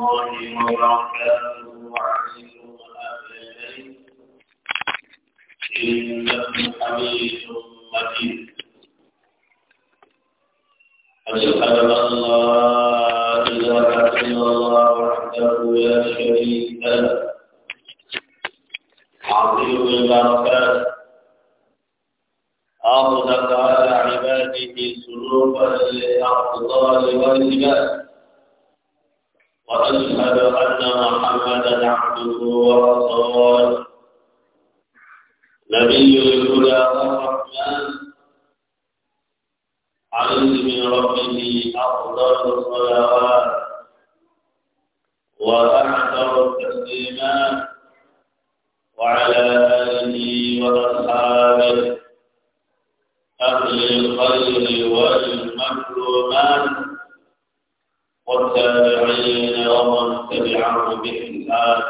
الله وبركاته وعليكم السلام أشهد أن لا إله إلا الله وحده لا شريك له عظيم البركات أخذ تعالى عباده سلوكا للأفضال والجبال وأشهد أن محمدا عبده ورسوله نبي الهدى والرحمن عليه من ربه أفضل الصلوات وأكثر التسليمات وعلى آله وأصحابه أهل الخير والمكرمات والتابعين ومن تبعهم بإحسان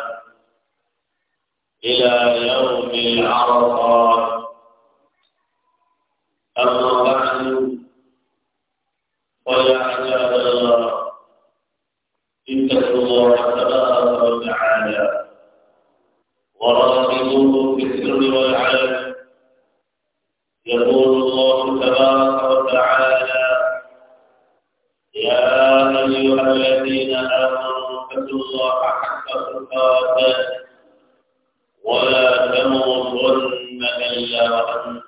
إلى يوم العرصات أما بعد فيا عباد الله اتقوا الله تبارك وتعالى وراقبوه في السر والعلن يقول أيها الذين آمنوا اتقوا الله حق تقاته ولا تموتن إلا وأنتم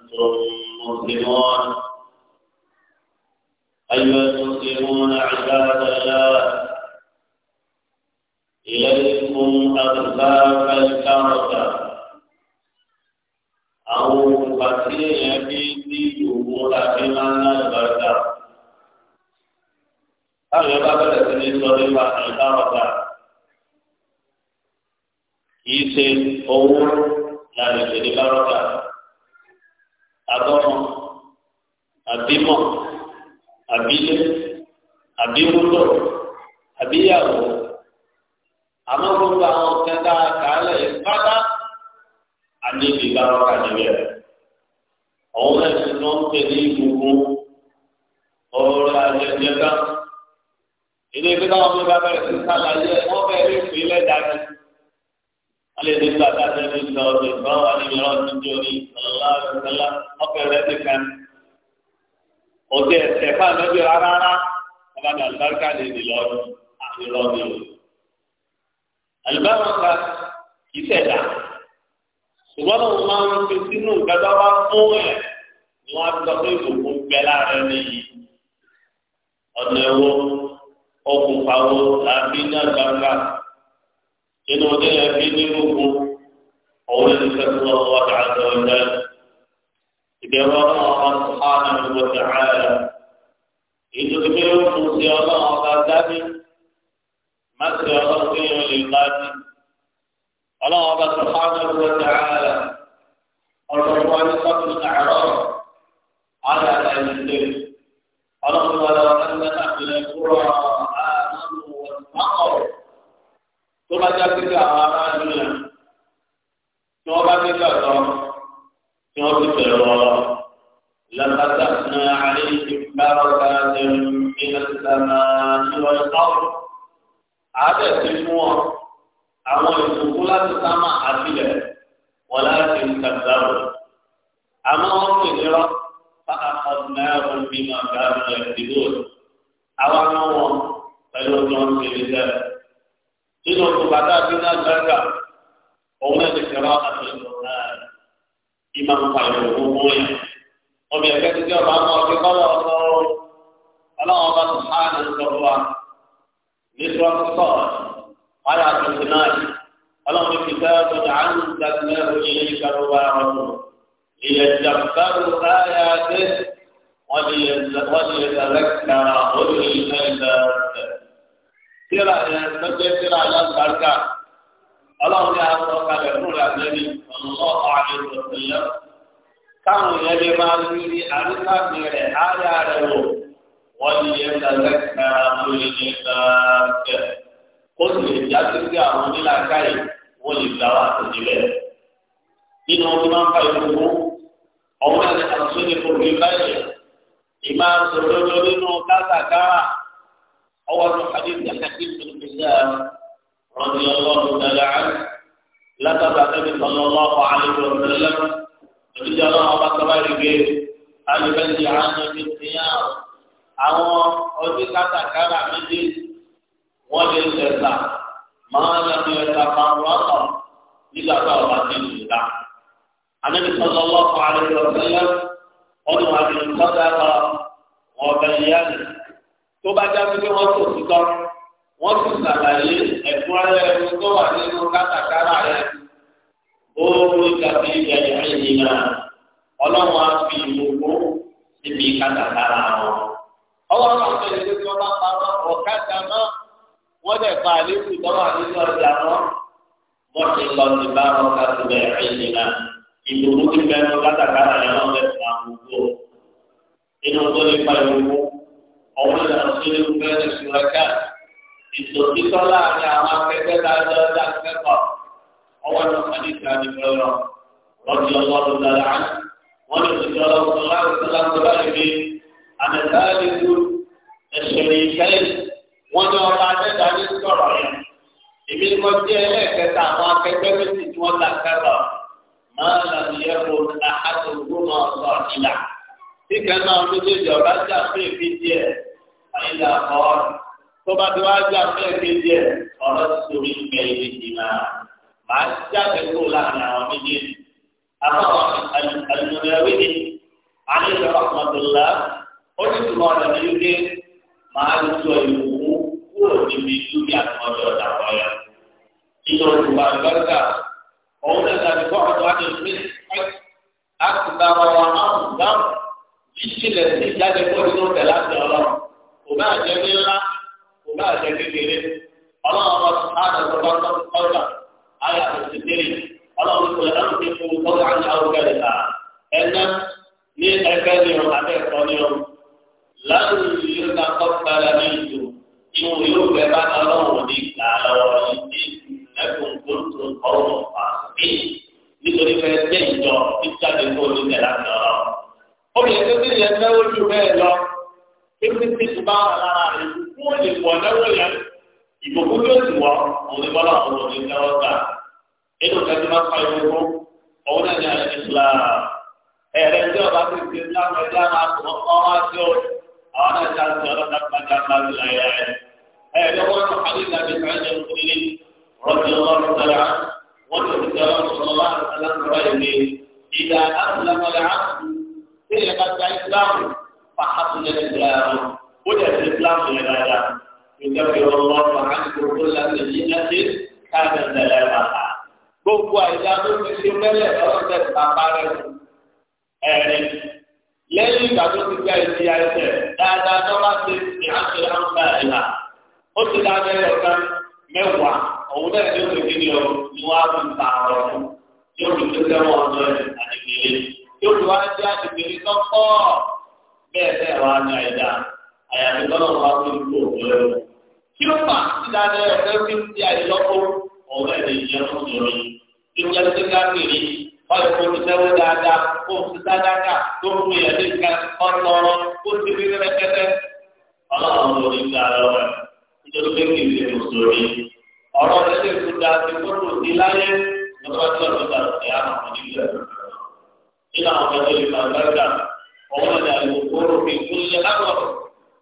wọn ń pè ní ìbùkún ọ̀rọ̀ àjẹjẹta ilé ìgbé táwọn ọmọ bá bẹ̀rẹ̀ sí sàlàyé wọn bẹ̀rẹ̀ ìpè lẹdàkì alẹ́ ní bàtà tẹ̀lé ìgbà ọ̀dọ̀ ìgbà wà ní ìlú ọdún tí orí ìsọ̀lá ìsọ̀lá ọ̀pẹ̀ rẹ̀ ti kàn òde ẹ̀sẹ̀ fún ànábì rárá ọba ní àlùbáríkà lè ní lọ́dún àti lọ́dún yìí àlùbáríkà kì ṣùgbọ́n òun máa ń fi sínú ìgbàdá wá fún ẹ̀. wọn sọ pé ìbùkún gbẹ láàrin nìyí ọ̀nà ẹ̀wọ̀ ọkùnfà wo àbí náà gbangba inú ọdẹ yẹn bí ní gbogbo ọwọ́ ẹni kẹsàn án rẹ̀ sí dání dání rẹ̀ على المسلم اللهم لو أن أهل القرى آمنوا واتقوا ثم جاءتك آماننا ثم جاءتك ثم جاءتك لفتحنا عليهم بركات من السماء والأرض عدد الموت àwọn ìsìnkú láti sámà àtìlẹ̀ wọ́n láti ń tàbí àmọ́ wọ́n pè ní rọ́pù. فأخذناهم بما كانوا يكسبون àwọn ọmọ wọn pẹ̀lú ọjọ́ ń ṣe lè dẹrẹ nínú ọtúbà dábí náà gbẹgà òun náà ti kẹrọ àtúntò náà ìmọ̀ nípa ìlú gbogbo yẹn ọmọ ẹgbẹ́ ti jẹ́ ọba ọmọ ọdún kọ́lọ̀ ọ̀sọ́ ọlọ́wọ́n bá tún á ní ìsọ̀rọ̀ wa ní sọ́ọ̀tún sọ̀rọ̀ wáyà tuntun náà ọlọ́wọ́n fi tẹ́ ọdún àánú ìdásílẹ̀ òṣèlú ìgbàlódé ọdún. ليتذكروا آياته وليتذكر أولو الألباب ترى تجد ترى البركة الله تعالى قال يقول النبي صلى الله عليه وسلم كانوا يجمعون في أرض من آياته وليتذكر أولو الألباب قل لجاتك يا رجل كريم ولدعوات الجبال إنه من فيكم ọ̀hún ẹ̀sẹ̀ kan sóde fòkè báyìí ìmá sọ̀rọ̀ lórí nù kátàkárà ọwọ́ tó hadith yàtàkì tòlùfẹ́sẹ̀ rọ̀dí ọlọ́run dàlẹ́ àná látàbà tẹ́bi sọ̀rọ̀ ọlọ́run àlejò ọ̀sẹ̀lẹ̀ òjijì ọlọ́run ọba sábà rìgé alùpẹ́sẹ̀ àná mi tìyà àwọn ọdún kátàkárà méjèèjì wọ́n lè tẹ̀sà máa ń lẹ́nu ẹ̀ta máa ń nígbà tó ọba النبي صلى الله عليه وسلم ọdún àti ìtọ́jára ọ̀bẹ ìyá rẹ̀ tó bá jáde pé wọ́n tó ti tọ́ wọ́n ti sàlàyé ẹ̀kúnrẹ́rẹ́ ẹni tó wà nínú kátàkárà rẹ̀ ó rí kàfé ìyẹ̀yẹ̀ ẹ̀yìn náà ọlọ́run á fi ìmọ̀gbó níbi kátàkárà wọn. ọwọ́ náà fẹ́ ẹni tó bá pamọ́ ọ̀kadà náà wọ́n dẹ̀ pa àlékún tó wà nínú ọjà náà wọ́n lọ sí bá wọn kátàkárà ẹ̀yìn náà ìdùnnú ti bẹ ní kátàkárà yẹn lọ́wọ́ bẹ fún àmúgbò nínú tó lè fa ìwúwo ọ̀hún ìlànà tó lè fún bẹ́ẹ̀ lẹ́sùn rẹ́kà ìdòtítọ́ láàrin àwọn akẹ́kẹ́ dájọ́ dá kẹ́kọ̀ọ́ ọwọ́ ní ọ̀sán ìgbà ní fẹ́rọ lọ́dí ọlọ́run dára án wọ́n lè fi jọ lọ́wọ́ láti sọ́lá tó bá lè fi àmẹ́tàlẹ́ tó ẹ̀sùn ìfẹ́lẹ̀ wọ́n ní ọba akẹ́kọ̀ọ́ ní sọ̀rọ̀ yẹn ìbí máa làbí ẹ̀rọ àhàtúndó máa sọ ìlà. Tí kẹ́nà méjèèjì ọ̀gá jà fún èké díẹ̀, àyílà ọ̀ tó bá ti wá jà fún èké díẹ̀, ọ̀rọ̀ ti sori ìgbẹ́ ilé ìgbìmọ̀. Màá jáde kó láàrin àwọn méjèèjì. Àbáwọn àlùmọ̀lẹ́wé ni àlejò ọ̀kọ̀mọ̀tòlá ó ní tùmọ̀ ọ̀dọ̀ ní wípé màá lùtọ̀ ìwòwò kúrò níbi dúkìá tó ọjọ́ ọ̀dà òun náà tàbí bọ́ àtọ́ àti òṣèlú àti bàbá wa àwọn ìdáhùn ṣíṣílẹ̀ sí ìjáde fún ìdúró tẹ̀ láti ọlọ́run kò bá àjẹ ní ńlá kò bá àjẹ kékeré ọlọ́run ọba sùpáàdà tó bá tọ́ ọjà ayé àtúntì tẹ́lẹ̀ ọlọ́run kò lè dáhùn sí fún ọjà àti àwùjọ ẹ̀ka ẹ̀ná ní ẹgbẹ́ ní ọ̀nà ìbùkún yóò sì wọ òun bọ́lá òun ò ní tẹ́wọ́ gbà nínú kẹ́tí máa ń fa ìbùkún òun náà ní alẹ́ Islam ẹ̀rẹ́ tí ọba ti ti Islam ẹ̀jẹ̀ máa tó wọ́n kọ́ wá sí o àwọn náà ti àti ọlọ́dà pàjá pàjá láyé rẹ̀ ẹ̀rẹ́ wọn kọ́ àdé ìdàgbé sàájẹ́ òkúlé rọ́bì ọlọ́run sọ̀rọ̀ wọn tó ti tẹ̀wọ́ sọ̀rọ̀ ìdá asùlámọ̀lẹ́ àkùn tí ìyẹn bá ta Islam fàhásùn يكفر الله عنكم كل سيئة كان سلامها gbogbo àyà tó ti ṣe mẹlẹ ọ̀rọ̀ tẹ bàbá rẹ ẹrin lẹ́yìn ìgbà tó ti gba ìdí ẹsẹ̀ dáadáa tó bá ti ṣe àṣẹ àǹfà ìlà ó ti dá abẹ́rẹ́ ọ̀gá mẹ́wàá òun náà ni ó ti kí ni ọ ni wọ́n á kí ló fà sídáná ẹ̀fẹ́ fi ti àyè lọ́kọ́ ọ̀rọ̀ ẹ̀dẹ̀ ìyẹn ló sọ̀rọ̀ yìí kí ló yẹ kí káfíìrì ọ̀rọ̀ kò ní sẹ́wọ́ dáadáa kó o ti sádáàkà tó ń mú ìyẹn nígbà ọ̀tọ̀ọ̀rọ̀ kó o ti rí rẹ́kẹ́tẹ́ ọlọ́run ló ní gbà lọ́wọ́ nítorí pé kì í ṣe mùsùlùmí ọ̀rọ̀ ẹ̀dẹ̀ ìfúdà ti gbọ́dọ̀ sí láyé lọ́wọ́dún ọ̀dọ́ta ẹ̀ àwọn ọmọdé ìlú ẹ̀ nínú àwọn ọmọdé ìlú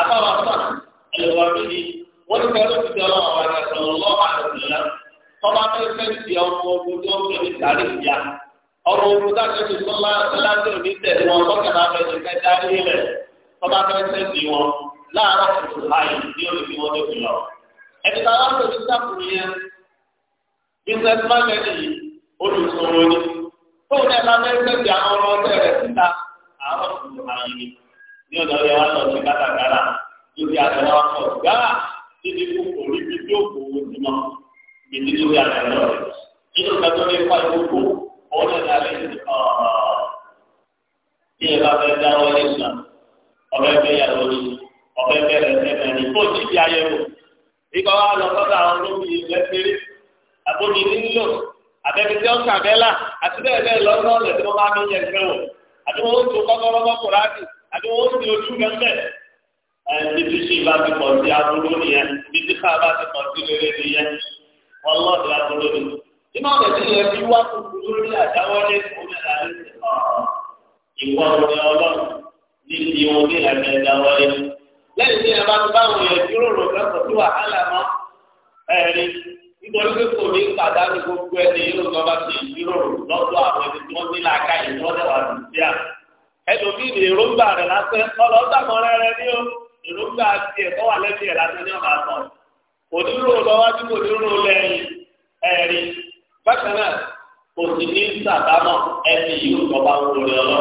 àbáwá sàn ẹlẹ́wà lónìí wọ́n ti kọ́ lóṣù tí ọlọ́wọ́ wa ní ọ̀sán lọ́wọ́ àdàbọ̀lá tọ́ba fẹ́ẹ́ fẹ́ ti ọmọ ogun tó ń pè ní sàárè ìyá ọmọ ogun tó àti ẹ̀sìn sọ́lá láti òní tẹ̀lé wọn lọ́kàlá fẹ́ẹ́ fẹ́ dárí rẹ̀ tọ́ba fẹ́ẹ́ fẹ́ ti wọn láàárọ̀ kùtù láì ní olùfi wọn ló fi lọ. ẹni tá a wá pèsè sáfùrù yẹn business market yìí olùsòwò ni tóun náà bá ti àwọn ọmọ ọ̀tẹ̀ ní ọ̀dọ̀ rẹ̀ wọ́n sọ sí kátàkárà lórí àtẹ̀lẹ́ wọn sọ gbá títí kú kò rí bí yóò kó owó sí mọ́ gbèdé lórí àtẹ̀lẹ́ rẹ̀ nínú kẹtọ́ ní ipa ìgbókò ọ̀rọ̀ náà lè ní bí ẹ bá fẹ́ dáwọ́ ní sàn ọ̀fẹ́ fẹ́ yàrá orí ọ̀fẹ́ fẹ́ rẹ̀ sẹ́fẹ̀ ní kó tí ti ayẹwo ìgbà wa lọ sọ́dọ̀ àwọn olómi lẹ́sẹ̀rẹ́ àbómi nílò àbẹ̀bẹ̀tẹ̀ tí wọ́n bá mi àbí wọ́n sì ojú gẹ́gẹ́ ẹni tí ṣì bá ti pọ̀ sí aburú nìyẹn bí tí ká bá ti pọ̀ sí rere nìyẹn wọ́n lọ́ sí aburú ni. iná ọ̀rẹ́ tí ilẹ̀ fi wá kúkú lórí àdáwọ́lé òmìnira ló ti pọ̀ ìwọ ọ̀rẹ́ ọlọ́run ní ti ohun ní ìlànà ìdáwọ́lé. lẹ́yìn tí ẹ bá ti báwọn èèyàn jíròrò lọ́sọ̀ tó wàhálà mọ́ ẹ̀rí nítorí pé kò ní pàdánù gbogbo ẹni yóò lọ́ bá ti jíròrò lọ́dọ̀ àwọn ẹni tí wọ́n ní ẹlòmíì ní èròǹgbà rẹ̀ lásán ọlọ́dàmọ́rẹ́ rẹ ní o èròǹgbà tiẹ̀ tó wà lẹ́sìn ẹ̀ lásán ní ọ̀nà àtọ̀ onírò lọ́wájú onírò lẹ́yìn ẹ̀rí bákan náà kò ní ẹni yìí wọlé tó yára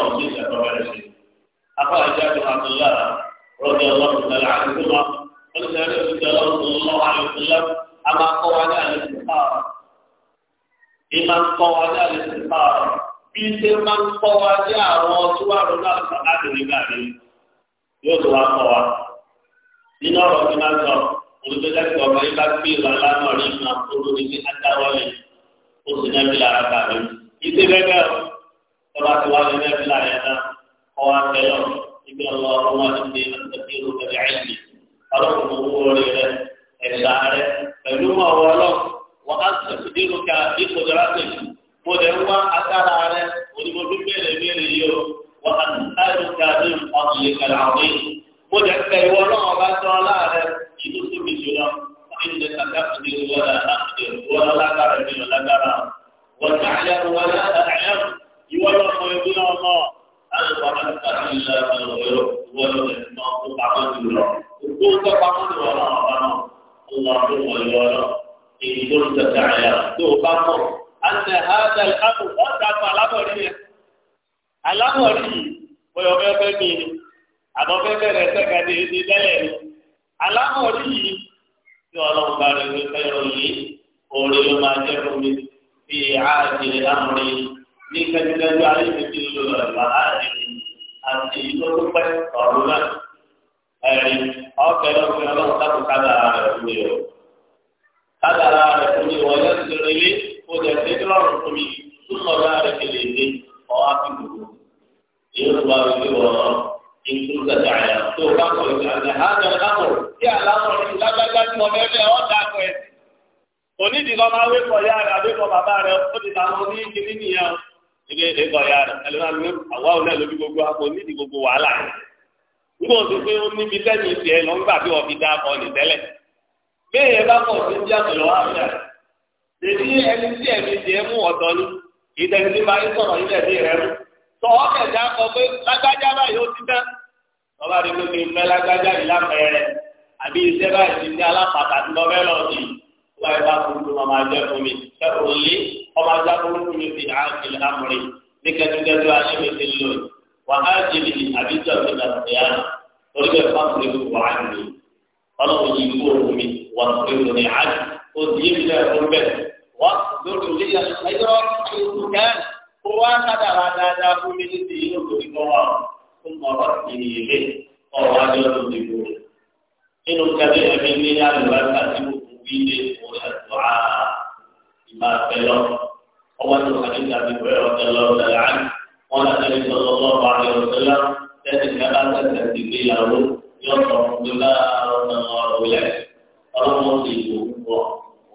àdúgbò olùdarí a máa ìṣe máa ń kọ́ wa sí àwọn tí wàá lọ láti láti rí gàdé yóò tó wá kọ́ wa. nínú ọ̀rọ̀ tí máa ń sọ olùdókòwò ọmọ yìí bá gbé ìlú aláàmọ̀ rí ìmọ̀ olórí ní adáwọlé ó sì ní ẹbí lára kàwé. ìṣe gẹ́gẹ́ ọba tí wàá lọ ní ẹbí lára yẹn náà kọ́ wa tẹ́lọ̀ ibi ọlọ ọmọ ti ṣe àtẹ̀tẹ̀ àìsí ọlọ́run owó orí rẹ ẹ̀ṣà rẹ mo lè wá agbára rẹ onímọ̀tò bẹ̀rẹ̀ bẹ̀rẹ̀ yìí o wà á ní ká ìkàlà ọ̀rẹ́ mo lè náà bá tọ́ láàrẹ kan máa wé kọ̀ ya rẹ̀ àbí kọ̀ bàbá rẹ̀ ó ti tàwọn ní kíní ya ẹlẹ́nà àwa ò náà lóbi gbogbo àpò nídi gbogbo wàhálà rẹ̀ nígbà tó pé ó níbi sẹ́yìn lọ wọ́n fi dá ọ nì tẹ́lẹ̀ bẹ́ẹ̀ yẹn bá pọ̀ sí àbúrò rẹ̀ tèmi ẹni tí ẹ̀mí tiẹ̀ mú ọ̀dọ́ ni ìdẹ̀ni sọ̀rọ̀ ilẹ̀ wọ́n yẹ ká kúndùn ọmọ ajá fún mi kẹ́rù lé ọmọ ajá fún mi fi àákì lámùrí ní kẹ́tíkẹ́tí wa ṣe fi lò wà á jìbì àbíjọ mi nà ìyá torí bẹ́ẹ̀ fáwọn ìlú wà á lò ọlọ́run yìí kó o mi wà á pè ní àjù ó sì yé mi lẹ́yìn fún bẹ́ẹ̀ wà lórí ilé yẹn ẹ̀yọ́ ìdúkẹ́ kó wá kádàrá dáadáa fún mi ní ti inú kò ìgbọ́ wa fún ọ̀rọ̀ ìrìnlẹ̀ ọ̀rọ̀ adé ọdún ìgbò nínú kẹlẹ́ ẹ̀mí ní alùpàá tí mo kù wí lé. الدعاء بما كلم أول حديث أبي هريرة رضي الله تعالى عنه قال النبي صلى الله عليه وسلم لكن كما تستدعي له يصرف بما أراد الله إليه فلم يصيبه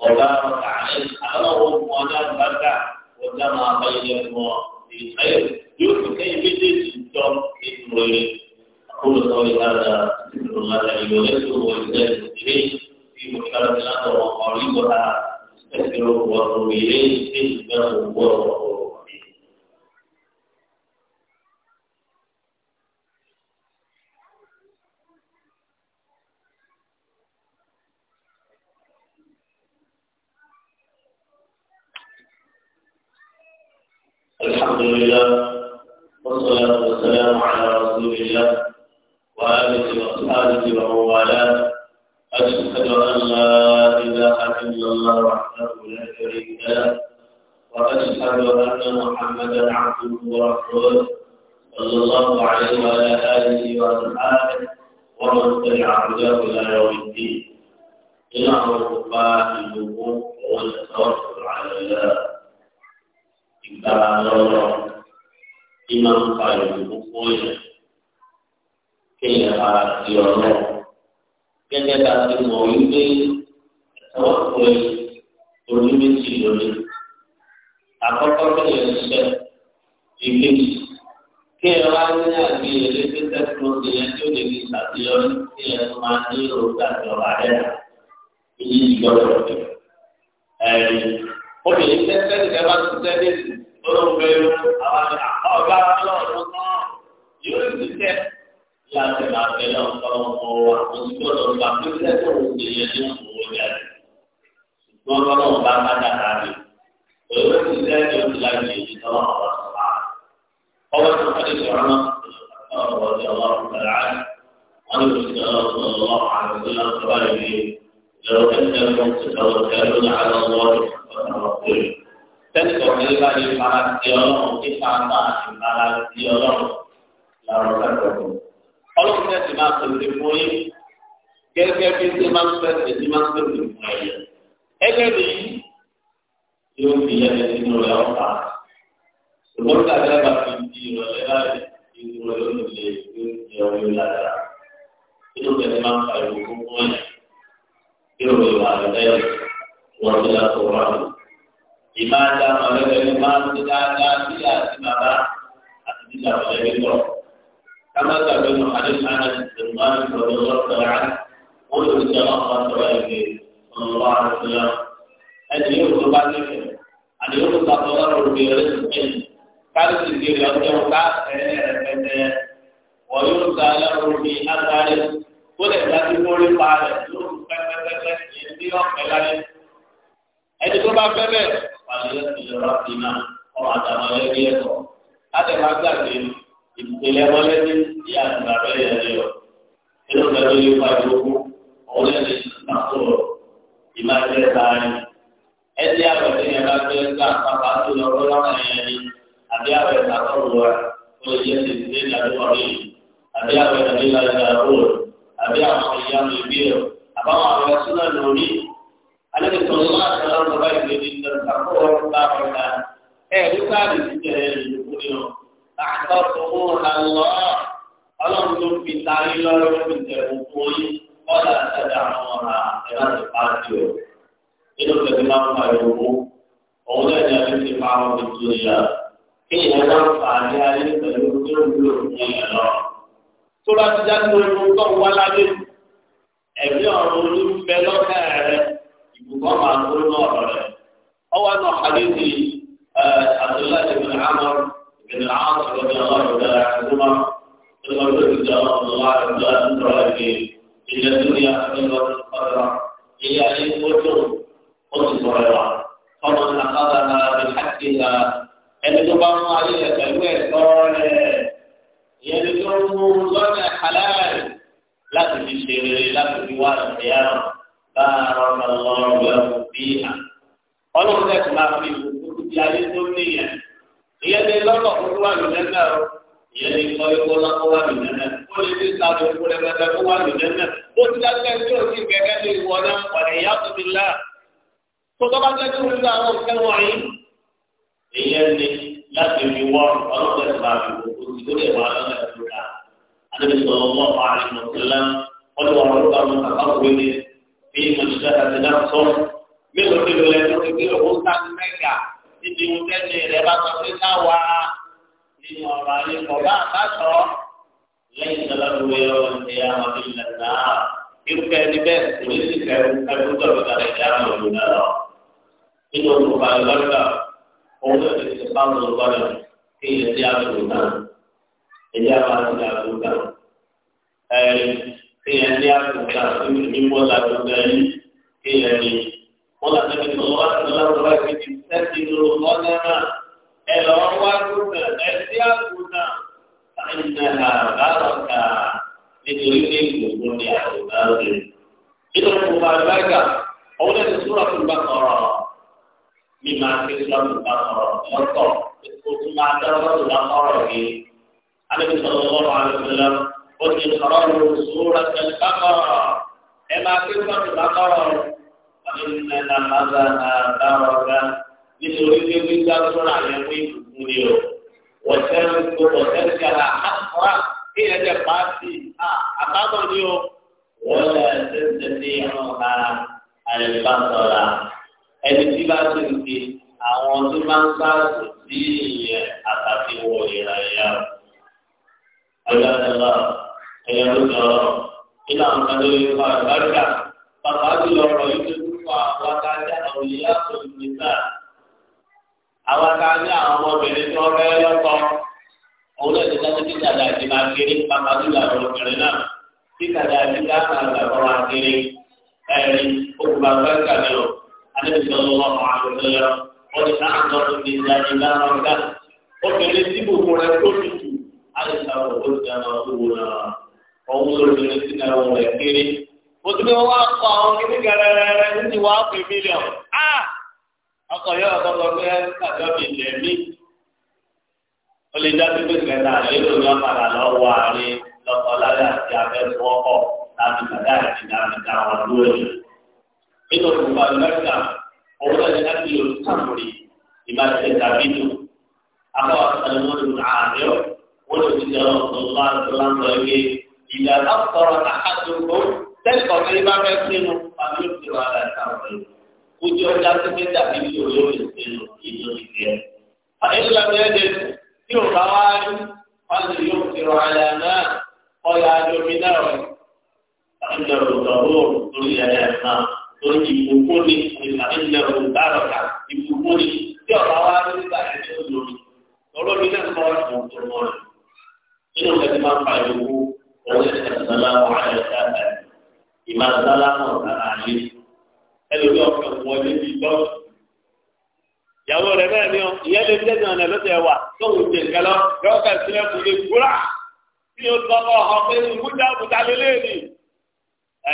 وبارك عليه أمرهم ولا بركة وجمع بينهما في خير يمكن بذلك الجمع في نوره أقول قولي هذا أستغفر الله لي ولكم ولسائر المسلمين في محكمة الأمر وأصحابه ومن تبع هداه إلى يوم الدين إلى الكفار الوقوف والتوكل على الله اتبع الله إمام قال الوقوف كي يعطي الله gẹ́gẹ́ bá a ti mọ̀ wípé ẹ̀tọ́ pé onímẹ̀tì lórí àkọ́kọ́ bẹ̀rẹ̀ kí ẹ wá ní àgbè eléyìí tẹ́kùn ìyẹn tí ó lè fi ṣàṣeyọrí kí ẹ tó máa ní òògùn àti ọ̀rọ̀ àrẹ rà èyí ti gbọ́dọ̀ rẹ̀. ẹ̀rí obìnrin tẹ́tẹ́ nìkan bá ti tẹ́ dé sí olóńgbé àwọn ọba ọlọ́run náà yóò ti tẹ́ láti máa fẹ́ lọ sọ́wọ́ wa oṣù tó pé tẹ́tẹ́ òun ti yẹ ní òun wọlé عمر رضي الله تعالى عنه عن الرسول صلى الله عليه وسلم قال لي لو ان الموت توكلون على الله ورسوله تذكر كلمه لمعنى الديالوج تسعه عشر معنى الديالوج لا رسالته ọlọ́run náà ti máa tẹ̀lé fún yín gẹ́gẹ́ bí ṣe máa ń tẹ̀lé ṣe máa ń tẹ̀lé fún ẹ̀yẹ. ẹgbẹ́ mi yóò fi ẹni sínú rẹ̀ ọ̀pá ṣùgbọ́n nígbà tí a bá fi yóò lágbára inú bẹ̀rẹ̀ máa ń fa ìlú fún fún ẹ̀yà yóò lè wà lẹ́yìn wọ́n ti la sọ̀rọ̀ àwọn. ìmá dá ọ̀rẹ́bẹ̀ ni máa ń ti dáadáa sí àti bàbá àti dídá ọ̀rẹ́bẹ̀ lọ. kámá gbàgbé nù adéṣáná ìdùnnúmáà ń sọ̀rọ̀ lọ́sọ̀rọ̀ á wọ́n lè jẹ́ ọ̀pọ̀ sọ̀rọ̀ ẹ̀gbẹ́ ọ̀rọ̀ àrùsílẹ̀. ẹni yóò tó bá nífẹ̀ẹ́ àti yóò tó bá tọ́lá wọ́n yóò gba lọ́rùn ní agbára kó lè gba tí wọ́n rí pa rẹ̀ lóru pẹ́pẹ́pẹ́pẹ́ ní ní ọ̀pẹ lálẹ́. ẹni tó bá fẹ́ bẹ́ẹ̀ pàṣẹ ìjọba fi náà ọmọ àtàwọn ẹlẹ́gbẹ́ ẹ̀kọ́ látẹ̀wá gbàgbé ìpìlẹ̀ mọ́lẹ́bí tí àgbà bẹ́ẹ̀ yẹn lé ọ. inú pẹ̀lú yóò fa ìgbógun òun lẹ́nu ìsàkóso ìmájẹ́ sáré. ẹni àgbẹ̀dẹ yẹn bá fẹ́ gbà pàpà tó lọ àbí àwọn ìdàgbé ìlànà àbúrò àbí àwọn ìyanu ìbílẹ̀ àbáwọn àwọn ẹ̀sùnà lórí alẹ́kẹ̀tọ̀ ńlá àtàlà ọ̀rọ̀ báyìí lè ní ìdàgbàsókò ọ̀rọ̀ láàbọ̀dá ẹ̀ nípa àdìsí jẹ̀rẹ̀ ìlú nínú àtọ́sọ̀wọ́ àlọ́ ọlọ́run ló fi tarí lọ́rọ́ fi tẹ̀wọ́ fún yín ọ̀là àtàlà àwọn ọ̀rà ẹ̀ láti pàṣẹ o nínú tẹ̀sí máa ń pariwo òun náà ni àti ti máa ń fi tó yà kí ìyẹn náà fà á tó bá ti jáde lórí tó ń wá lábẹ́ ẹ̀mí ọ̀rọ̀ olùfẹ́ lọ́kẹ́ rẹ ìbùkọ́ máa ń gbóná ọ̀rọ̀ rẹ. ọwọ́ náà àdéhùn Abdullahi ibn Amr ibn Al-As ọ̀gbìn ọlọ́run dára ẹ̀dúmọ́ ìlọ́dún ìjọ ọlọ́run dára ẹ̀dúmọ́ ilẹ̀ dúnìá ìlọ́dún ọ̀rọ̀ ilé ayé ojú ó ti sọ̀rọ̀ wa ọmọ nàkàtà náà ẹni tó bá mú ayé ẹ̀ pẹ̀lú ẹ̀tọ́ rẹ̀ ìyẹn lè tó mú lọ́nà halal láti fi ṣe rere láti fi wá ìyára bá ọmọ ọlọ́run lọ́wọ́ bí ìhà. ọlọ́run tẹ̀sí máa fi gbogbo ti ayé tó níyẹn. ìyẹn lè lọ́nà kó wà lónìí náà o ìyẹn lè kọ́ ikú lọ́ kó wà lónìí náà. ó lè fi sàbẹ̀ òkú rẹ̀ bẹ̀rẹ̀ kó wà lónìí náà. ó ti dákẹ́ tí o ti gẹ̀gẹ́ lè wọ náà pàdé ìyá tó ti lá. tó bá tẹ́tí wọn láwọn òkè wọ̀nyí ìgbésẹ̀ wà lọ́nà ìgbésẹ̀ Ànábì sallallahu alaihi wasallam wọ́n ti wà lọ́wọ́ àwọn àkàkọ́ ní bí mọ̀lẹ́sẹ̀ àti náà sọ. Mélòó ti lọlẹ́ tó ti gbé owó sáà mẹ́gà níbi ohun tẹ́lẹ̀ rẹ̀ bá sọ pé káwa nínú ọ̀rọ̀ ayé kọ̀ọ̀bá àbátọ̀ lẹ́yìn tó lọ́dún wẹ̀ ọ́ ní àwọn ilẹ̀ náà. Irúfẹ́ ẹni bẹ́ẹ̀ kò fẹ́ ẹkú ẹ̀yà máa ń ṣe àbúkà ẹ̀ kéèyàn ní àbúkà mímú làbúkà yìí kéèyàn ní. wọ́n làbẹ́ mi sọ̀rọ̀ wá sí ọlọ́run wá sí ti sẹ́ẹ̀tì ló lọ́dẹ́ náà ẹ̀ lọ́wọ́ wá lókè ẹ̀ sí àbúkà àìnà àbárọ̀kà nítorí pé gbogbo ni àbúkà rẹ̀. nítorí mo máa gbàgbà ọ̀hún ẹ̀ sọ́ra tó bá sọ̀rọ̀ mi máa ń fi sọ́ra tó bá sọ̀rọ̀ lọ́tọ̀ النبي صلى الله عليه وسلم قل اقرأوا سورة البقرة إما سورة البقرة فإن نفذها بركة لتريد بك سرعة يقيم منير وتنك وتنكها حفرة هي جباتي أقاضني ولا تستطيعها البصرة التي àwọn tó máa ń sáàsì sí ilẹ̀ àtàkì wọ ìrànlẹ́ عباد الله أيها الكرام إلى أن تدري البركة فقد لو رأيت الكفار وكان أولياء النساء àwọn ká ní àwọn ọmọbìnrin tí wọn fẹ́ẹ́ lọ́kọ òun náà ti dájú kí dàda àti máa kéré pàpà tó làwọn ọmọbìnrin náà kí dàda àti dáhùn àgbàkọ máa kéré ẹ̀rí òkùnbà gbẹgbẹ mi o adébísọ ló wọn kọ àwọn ọmọbìnrin lọ wọn ti sáà alisa ọ̀dọ́ ìjànà ọ̀dọ́ ọ̀hún lórí ẹni tí náà wọlé kéré. mo ti ní wọn wá kọ àwọn kìíní gàrẹ́rẹ́rẹ́ ní ti wàá pè mílíọ̀nù. ọkọ̀ yóò tọ́kọ pé kàdé ọ̀bì lẹ́mí. ó lè dá sí pèsè náà lérò ní ọ̀padà lọ́wọ́ àárín lọ́kọ̀ lálẹ́ àti abẹ́sùn ọkọ̀ láti bàdá àti dàmídà wọn dúró yìí. nínú ìgbà mẹ́ta òun náà ní láti lò sàmùrì ìbáṣe tàbí dùn. akọ́ àtàlùmọ́ ولو جاء الله سلام عليه إذا أفطر أحدكم تلقى كلمة مسلم فمسلم على كامل وجو جاتك تبي يولو مسلم يولو مسلم فإن لم يجد يرعي فليفطر على ما قال جميله فإنه ضرور دنيا الإمام lórí ìfòkóni ìlànà ìdáraka ìfòkóni tí ọ̀rọ̀ wa ní ìgbà tí ó lórí ọlọ́run náà kọ́ ọ̀rọ̀ tó mọ́ rẹ̀ nínú ìgbà tí máa ń fa ìlú òun ní ìsàlá wà á yẹ káàkiri ìmọ̀ àtàlà náà lára ayé ẹlòmíì ọ̀fẹ́ wọlé bíi bọ́ọ̀lù. ìyàwó rẹ̀ bẹ́ẹ̀ ni ọ ìyá lè jẹ́ ìrànlẹ́ lọ́sẹ̀ wà tóun ti nǹkan lọ dọ́kà sílẹ̀ kò lè gbúra tí o sọ fọ ọkọ pé ìmúdà òkúta lélẹ̀ ni.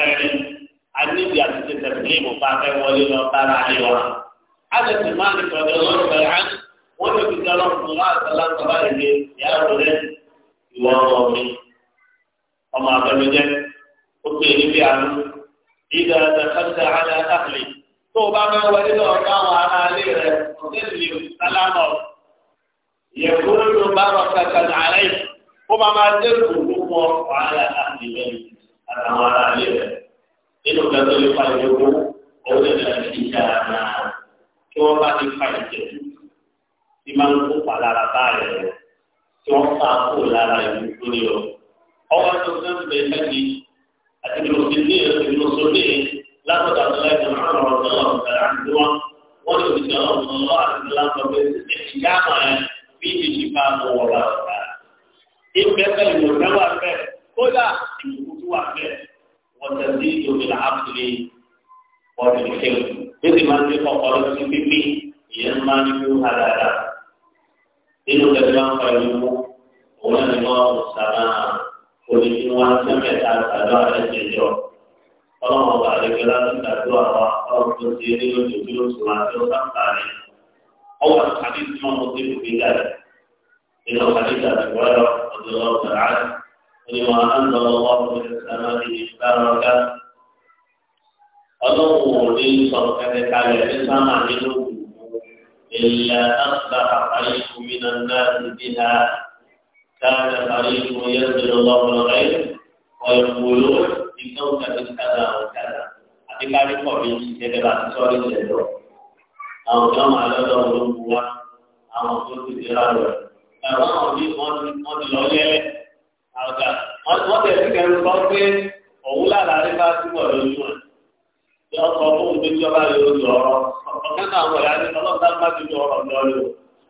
ẹ̀rín aníbi àti tètè sílẹ̀ bá fẹ́ wọlé lọ bára ayé wa. a lè sì máa nìkan lọ́wọ́ ìgbà yẹn wọ́n lè fi ìwọ ọmọ mi ọmọ abẹnujẹ ó pè ní bí àánú ìdá ìdàkàtà àlẹ àtàlẹ tó o bá máa wọlé lọ ọ̀dọ̀ àwọn ará ilé rẹ ọ̀sẹ̀ lè o sálámọ yẹ̀wò ló bá rọ kankan àlẹ yìí ó máa máa dé kùkú wàhálà àti ìbẹ̀rù àtàwọn ará ilé rẹ nínú gbàgbé ló fa ìdókòwò òun lè lọ sí ìjà náà kí wọ́n bá ti fa ìjẹ̀dù tí máa lára báyìí rẹ tí wọ́n fà á kó lára ìlú lórí ọ. ọwọ́ tó ń bẹ lẹ́yìn àti ìròsílẹ̀ ìròsílẹ̀ látọ̀dọ̀ àtúnláyé máa ń rọrùn lọ́wọ́ ọ̀gbẹ̀rẹ̀ àti wọn. wọ́n lè fi ọ̀rọ̀ lọ́wọ́ àti lọ́wọ́ pé ìyá àmọ̀ ẹ̀ bí ìbí bá mọ̀ wọ̀ lára. ìgbẹ́fẹ́ ìwòsàn wà bẹ́ẹ̀ kódà ìkùkù wà bẹ́ẹ̀ wọ́n tẹ̀sí ìdòmìnà àbúlé wọ́n ti fi ṣe é. bí ti máa ń gbé kọ̀ọ̀kọ̀ nínú tẹ̀síwá ń parí mú òun ní wọn sàrà onídìí wọn sẹ́mẹ̀ta sàdúrà rẹ̀ jẹjọ ọlọ́run ọba àdékẹ́lá ti sàdúrà wa ọlọ́run tó ti rí lójú tí ó sùn àti ó sàǹfààní ọwọ́ àti tí wọ́n mú sí ìbùkún jáde nínú àdékẹ́ àtìwọ́rọ̀ ọdún ọlọ́run sàrà ni wọn ti á ń lọ wá ti ní loju ìsàmà ìdí ìsàmà ọlọ́run ò ní sọ̀rọ̀ kẹ́kẹ́ kalẹ̀ ní sàmà nínú òkú. إلا أصبح فريق من الناس بها كان فريق ينزل الله الغيب ويقولون بكوكب كذا وكذا àti ká rí pọ̀ bí gẹ́gẹ́ bá ti sọ́ọ́ ilẹ̀ lọ. Àwọn kan máa lọ́dọ̀ ló ń wá àwọn tó ti di rárọ̀. Ẹ̀rọ náà bí wọ́n ti wọ́n ti lọ yẹ́lẹ̀. Àgbà wọ́n tẹ̀ sí kẹrin kọ́ pé òun lára rí bá túbọ̀ lójú ẹ̀. Ṣé ọkọ̀ fóun tó jọba lè lọ ọ̀rọ̀ ọ̀kan náà wọ̀ yára ní ọlọ́run dáná má ti tó ọ̀rọ̀ lọ lò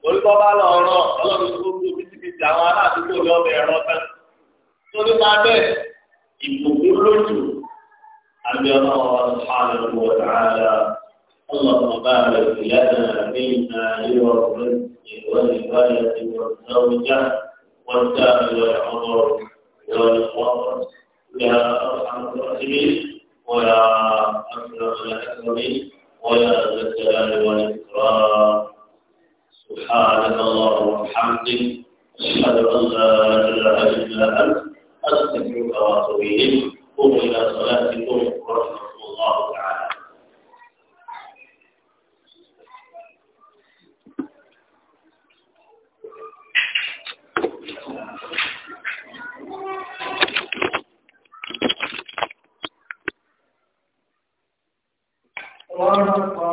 orúkọ bá lọ ọ̀rọ̀ ọlọ́run tó kú bìtìbìtì àwọn aláàdúgbò ní ọbẹ̀ ẹ̀rọ tán torí máa bẹ́ẹ̀ ìbùkún lójú àbí ọlọ́run ṣàlùwọ̀ tààlà اللهم بارك لنا منا يوم والوالد والزوجة والدار والعمر والفقر يا أرحم الراحمين ويا أكرم الأكرمين ولا ولا إكرام سبحانك الله وبحمدك أشهد أن لا إله إلا أنت أستغفرك وأتوب إليك قوموا إلى صلاتكم ورحمة الله تعالى الله